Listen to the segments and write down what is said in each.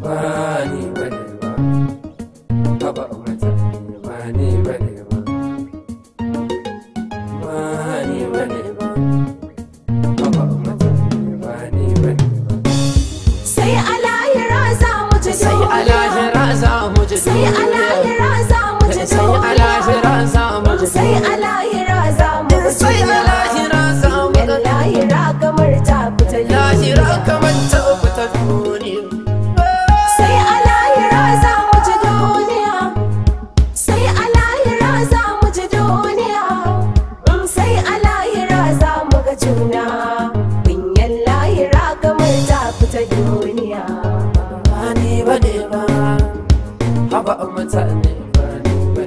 ba ni ba ni ba ni ba ni sai alahira za mu ji sai alahira za mu ji sai alahira za mu ji sai alahira za mu ji sai alahira za mu ji alahira lahira kamar ta fita lahira kamar ba ni ba ne ba haba mutane ba ni ba ne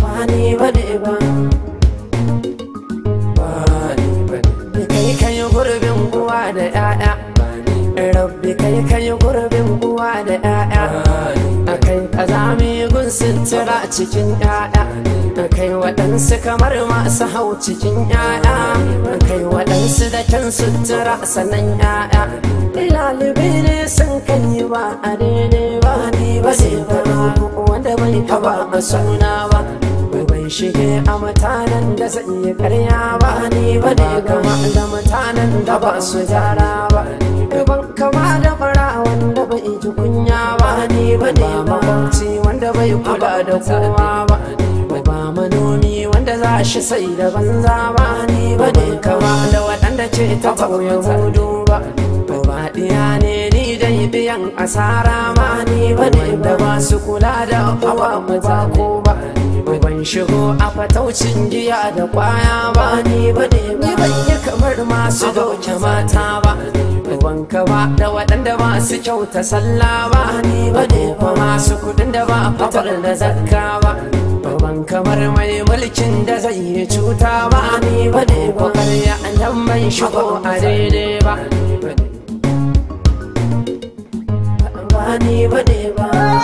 ba ni ba ne ba ba ba ne kai kai gurbin uwa da 'ya'ya rabbi kai kai gurbin uwa da 'ya'ya akai azami gun sintira cikin 'ya'ya akai waɗansu kamar masu hau cikin 'ya'ya kansu da kansu tura sanan ya'ya lalube ne sun kan yi ba a daidai ba ne ba ne fara wanda bai taba a suna ba bai shige a mutanen da zan yi karya ba ne ba ne kama da mutanen da ba su jara ba ban kama da fara wanda bai ji kunya ba ne ba ne ba wanda bai kula da kowa ba shi sai da banza ba ni ba ne kawa da waɗanda ce ta tauye hudu ba ba ɗiya ne ni dai biyan asara ma ni ba ne da ba su kula da hawa maza ko ba ban shigo a fataucin giya da kwaya ba ni ba ne ni ban yi kamar masu dauke mata ba wanka ba da waɗanda ba su kyauta sallah ba ni ba ne ba masu kuɗin da ba fatar da zakka ba ban kamar mai mulkin da zai yi cuta ba ni ba ne ba karya nan mai shigo a daidai ba ba ni ba ne ba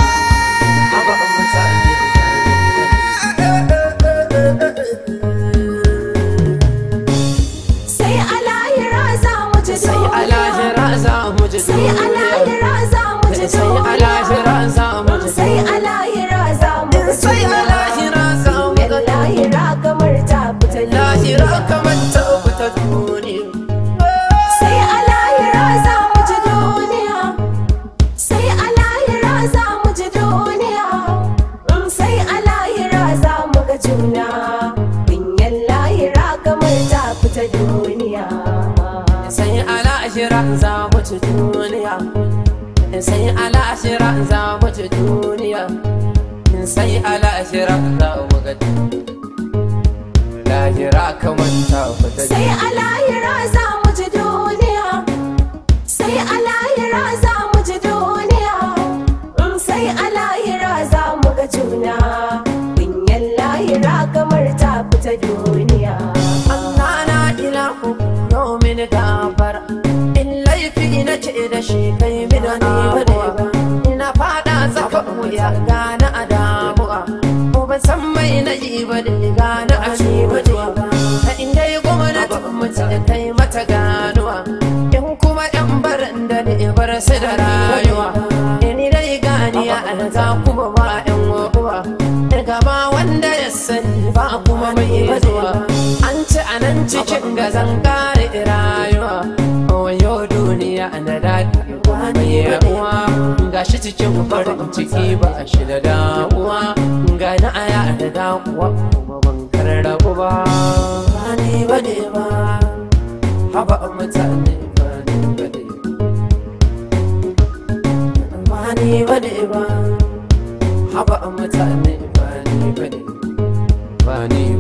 za mu ci duniya sai al'ashira za mu ci duniya sai al'ashira za mu ga lahira kamar ta fita sai al'ahira za mu ci duniya sai al'ahira za mu ci duniya sai al'ahira za mu ga juna kunyan lahira kamar ta fita duniya Allah na ila hukumomin gaba ni da shi kai mina ni ba ina fada tsaka wuya gana a damuwa ko ban san mai na yi bane gana a shi bane ba ta inda yi gwamnatin mutum ya kai mata ganuwa in kuma yan barin da ne bar su da rayuwa eh, ni dai ganiya alza kuma ba yan uwa daga ma wanda ya sani ba kuma mai zuwa an ci anan cikin ga kare rayuwa duniya ana daɗi uwa ga shi cikin farin ciki ba a shi da damuwa ga na aya da damuwa ban karrabu ba ba ne ba ba haba mutane Bani ne ba ne ba ba haba mutane bani ne bani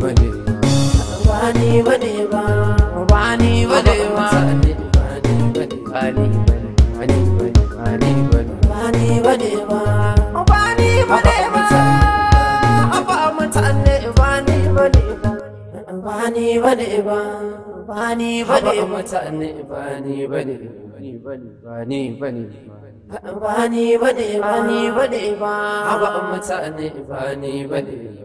bani ba bani bani ba bani bane ba bani bane ba mutane bani bane bani bane bani bane bani bane bani bane ba bani bani bane